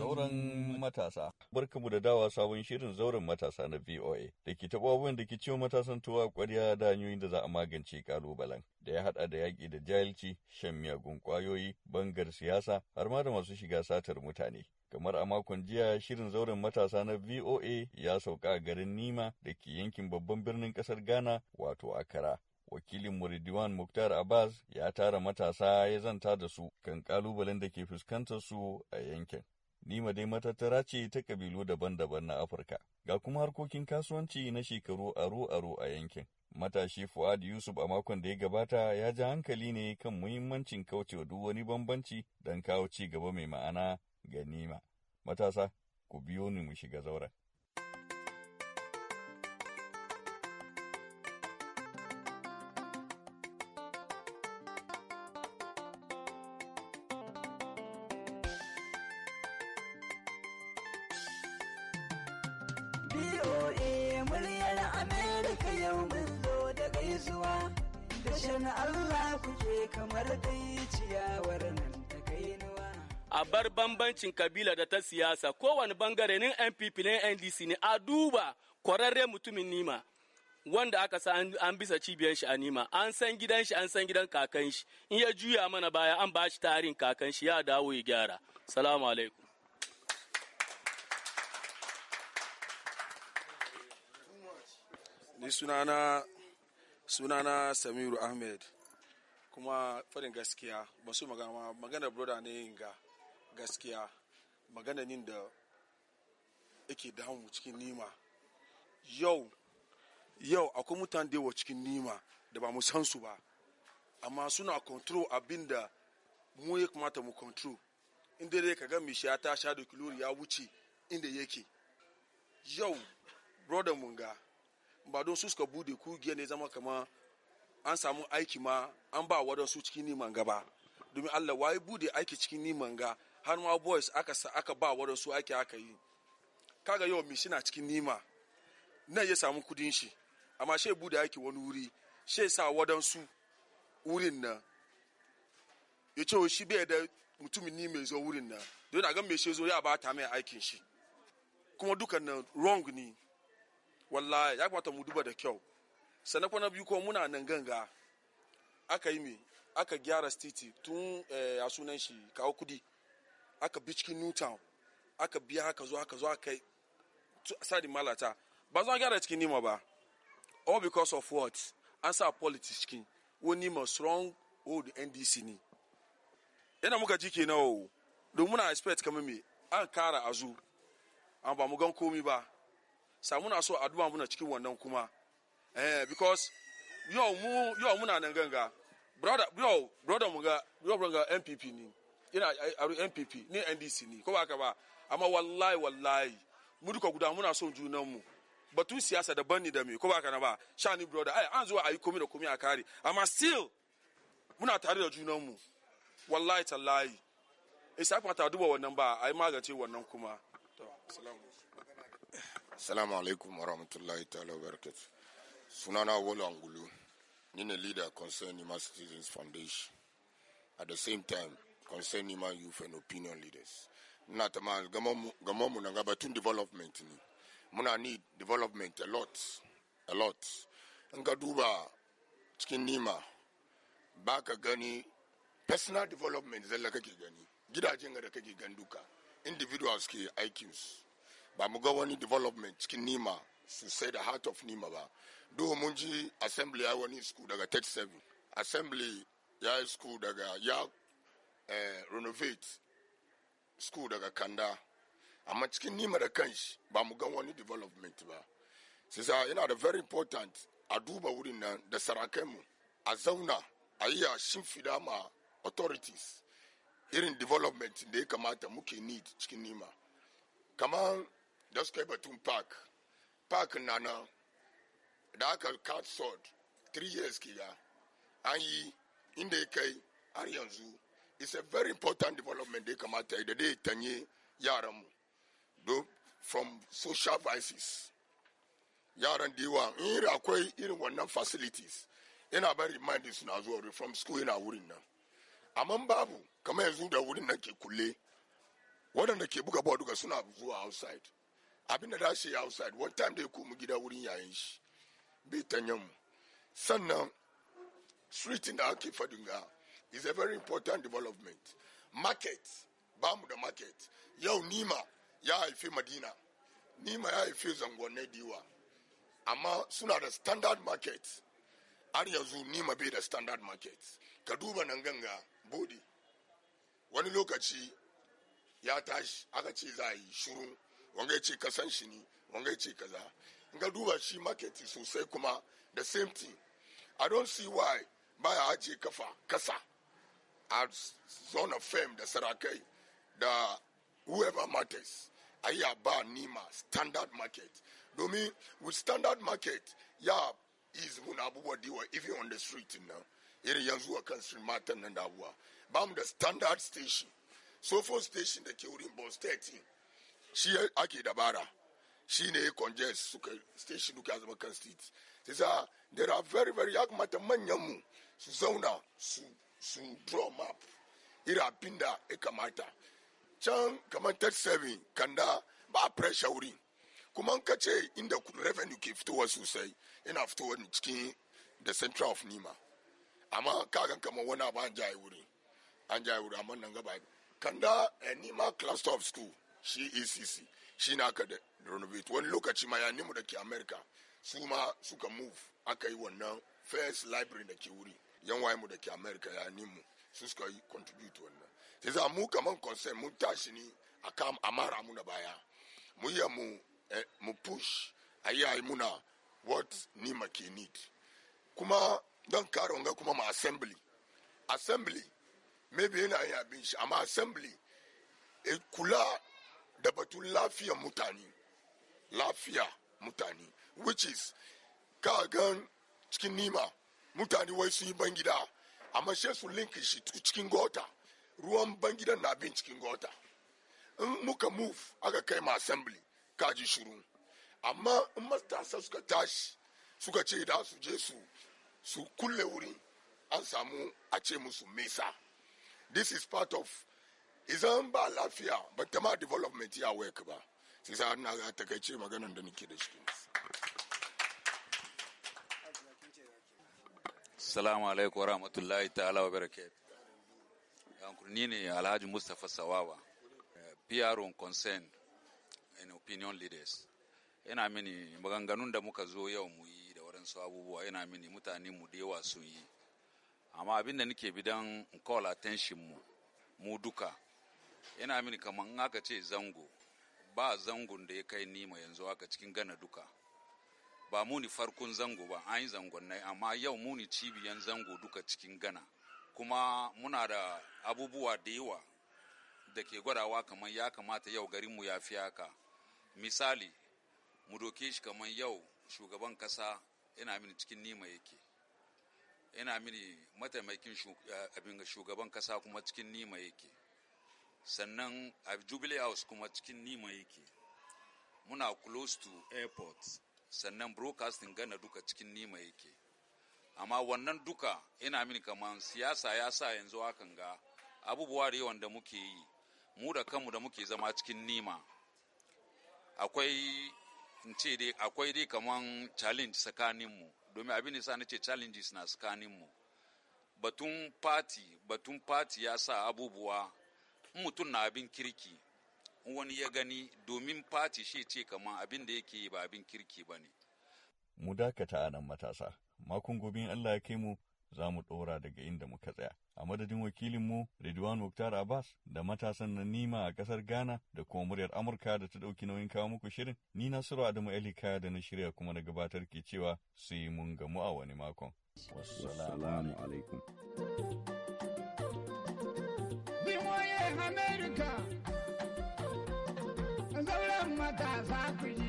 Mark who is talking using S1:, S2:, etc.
S1: zauren matasa. barka mu da dawa sabon shirin zauren matasa na VOA da ke taɓa abubuwan da ke ciwo matasan tuwa ƙwarya da hanyoyin da za a magance ƙalubalen da ya haɗa da yaƙi da jahilci, shan miyagun ƙwayoyi, bangar siyasa, har ma da masu shiga satar mutane. kamar a makon jiya shirin zauren matasa na VOA ya sauka a garin Nima da ke yankin babban birnin ƙasar Ghana wato Akara. Wakilin Muridiwan Muktar Abbas ya tara matasa ya zanta da su kan ƙalubalen da ke fuskantar su a yankin. Nima dai matattara ce ta kabilu daban-daban na Afirka, ga kuma harkokin kasuwanci na shekaru aro-aro a yankin. Matashi Fuad Yusuf a makon da ya gabata ya ji hankali ne kan muhimmancin kaucewa duk wani bambanci don kawo ci gaba mai ma'ana ga Nima. Matasa, ku biyo ni mu shiga zauren.
S2: kashe Allah kuke kamar dai ciyawar nan ta
S3: A bar bambancin kabila da ta siyasa kowane bangare nin NPP ne NDC ne a duba kwararren mutumin nima. Wanda aka sa an bisa cibiyar shi a nima, an san gidan shi, an san gidan kakan shi, in ya juya mana baya an ba shi tarin kakan shi ya dawo ya gyara. Salamu alaikum. Ni sunana sunana samiru ahmed kuma farin gaskiya ba su magana magana broda ne ga gaskiya magana nin da yake damu cikin nima yau yau akwai mutane da yawa cikin nima da ba mu san su ba amma suna control abin da mu ya kamata mu control inda dai ka ga mishiya ta sha da kilori ya wuce inda yake yau broda mun ga ba don su suka bude kugiyar ne zama kama an samu aiki ma an ba su cikin niman gaba domin allah waye bude aiki cikin niman ga har ma boys aka aka ba su aiki aka yi kaga yau mi shina cikin nima nan ya samu kudin shi amma shi bude aiki wani wuri shi sa su wurin nan ya ce shi bai da mutumin ni mai zo wurin nan don a ga mai shi zo ya ba ta mai aikin shi kuma dukan nan wrong ne wallahi ya kamata mu duba da kyau sannan kuma na biyu ko muna nan ganga aka yi me aka gyara titi tun eh, a sunan shi kawo kudi aka bi cikin new town aka biya haka zo haka zo aka sadi malata ba zan gyara cikin nima ba all because of what an sa politics cikin wani nima strong old ndc ne yana muka ji ke nawa oh. domin muna expect kamar me an kara azu an ba mu gan komi ba sa muna so addu'a muna cikin wannan kuma eh because yo mu yo muna nan ganga brother yo brother mu ga yo brother MPP ni ina MPP ni NDC ni ko ba ka ba amma wallahi wallahi mu duka guda muna so junan mu batun siyasa daban ne da me ko ba ka na ba shani brother ai an zuwa ayi komi da komi a kare amma still muna tare da junan mu wallahi tallahi isa kwata duba wannan ba ai magance wannan kuma
S4: salamu alaikum wa rahmatullahi ta'ala wa Sunana Wolo Angulu, ni ne leader concern Nima Citizens Foundation. At the same time, concern Nima Youth and Opinion Leaders. Ina tama gamonmu na tun development ne. Muna need development a lot, a lot. In ka duba cikin Nima, ba ka gani personal development zalla kake gani, gidajen ga da kake gan duka. individuals ke iqs ba mu ga wani development cikin nima sosai da heart of nima ba do mun ji assembly ya wani school daga 37 assembly ya yi school daga ya eh, renovate school daga kanda amma cikin nima da kanshi ba mu ga wani development ba sisa yana da very important a duba wurin nan da sarakai mu a zauna a yi a shimfida ma authorities irin development da ya kamata muke need cikin nima kamar da suka yi batun park park na da aka cut sot three years kiga an yi inda ya kai har yanzu it's a very important development da ya kamata da dai tanye from social vices yaran da yawa in akwai irin wannan facilities yana bari mind suna zuwa from school yana wurin nan amma babu kamar yanzu da wurin nan ke kulle waɗanda ke buga buga duka suna zuwa outside abinda da shi outside one time da ya komu gida wurin yayin shi bai tanya mu sannan street da ake fadin ga is a very important development market ba mu da market yau nima ya haifi madina nima ya haifi zangonai diwa amma suna da standard market har yanzu nima bai da standard market ka duba nan ganga bodi wani lokaci ya tashi aka ce za a yi shuru wanga ya ce kasan shi ne wanga ya ce kaza in ka duba shi maketi sosai kuma the same thing i don't see why baya ajiye kafa kasa a zone of fame da sarakai da whoever matters a yi ba nima standard market domin with standard market ya is muna abubuwa diwa even on the street now irin yanzu a kan matan nan da abuwa ba mu da standard station sofo station da ke wurin bus 13 shi ake dabara shi ne congest suka station duka zama kan state sai sa there are very very ya kamata mu su zauna su su draw map irin abin da ya kamata can kamar seven kanda ba pressure wurin kuma ka ce inda revenue ke fitowa sosai yana fitowa cikin the central of nima amma kagan kamar wani abu an jaye wuri an jaye wuri amma nan gaba kanda eh, nima class of school shi ecc shi na aka da renovate wani lokaci ma ya nimu da ke america su ma suka move aka yi wannan first library da ke wuri yan waye mu da ke america ya nimu su suka yi contribute wannan sai za mu kaman concern mun tashi ni a kam mara na baya mu yi mu eh, mu push a yi muna what nima ke need kuma don karon ga kuma ma assembly assembly maybe yana yin abin shi amma assembly e kula da batun lafiyar mutane lafiya mutane which is ka gan cikin nima mutane wai sun yi bangida amma she su linkin shi cikin gota ruwan bangidan na bin cikin gota in muka move aka kai ma assembly kaji shiru amma in matasa suka tashi suka ce da su je su su kulle wuri an samu a ce musu mesa this is part of izan ba lafiya ba ta ma development ya work ba sai sa na ga takaice maganan da nake da shi
S2: Assalamu alaikum warahmatullahi ta'ala wa barakat. Ni ne Alhaji Mustapha Sawawa, eh, PR on concern and opinion leaders. Yana mini maganganun da muka zo yau mu yi waɗansu abubuwa yana mini mutane mu sun yi amma abin da nake bidan call attention mu mu duka yana mini kamar in aka ce zango ba zangon da ya kai nima yanzu haka cikin gana duka ba muni farkon zango ba an yi na amma yau muni cibiyan zango duka cikin gana kuma muna da abubuwa da yawa da ke gwadawa kamar ya kamata yau garinmu ya fi haka misali mu doke shi kamar yau shugaban kasa ina mini cikin nima yake ina mini mataimakin eh, abin shugaban kasa kuma cikin nima yake sannan a jubilee house kuma cikin nima yake muna close to airport sannan broadcasting gana duka cikin nima yake amma wannan duka ina mini kaman siyasa ya sa yanzu hakan ga abubuwa da yawan da muke yi mu da kanmu da muke zama cikin nima akwai in ce dai akwai dai kaman challenge tsakaninmu domin abin da sa na ce challenges na mu batun party batun party ya sa abubuwa mutum na abin kirki wani ya gani domin party shi ce kamar abin da yake
S1: ba abin kirki ba ne mu dakata a nan matasa makon gobe Allah ya kai mu za mu ɗora daga inda muka tsaya. A madadin wakilinmu Ridwan Mukhtar Abbas da matasan na Nima a ƙasar Ghana da kuma muryar Amurka da ta ɗauki nauyin kawo muku shirin, ni Nasiru Adamu Elika da na shirya kuma na gabatar ke cewa sai mun gamu a wani makon. Wassalamu alaikum.
S4: America, matasa ku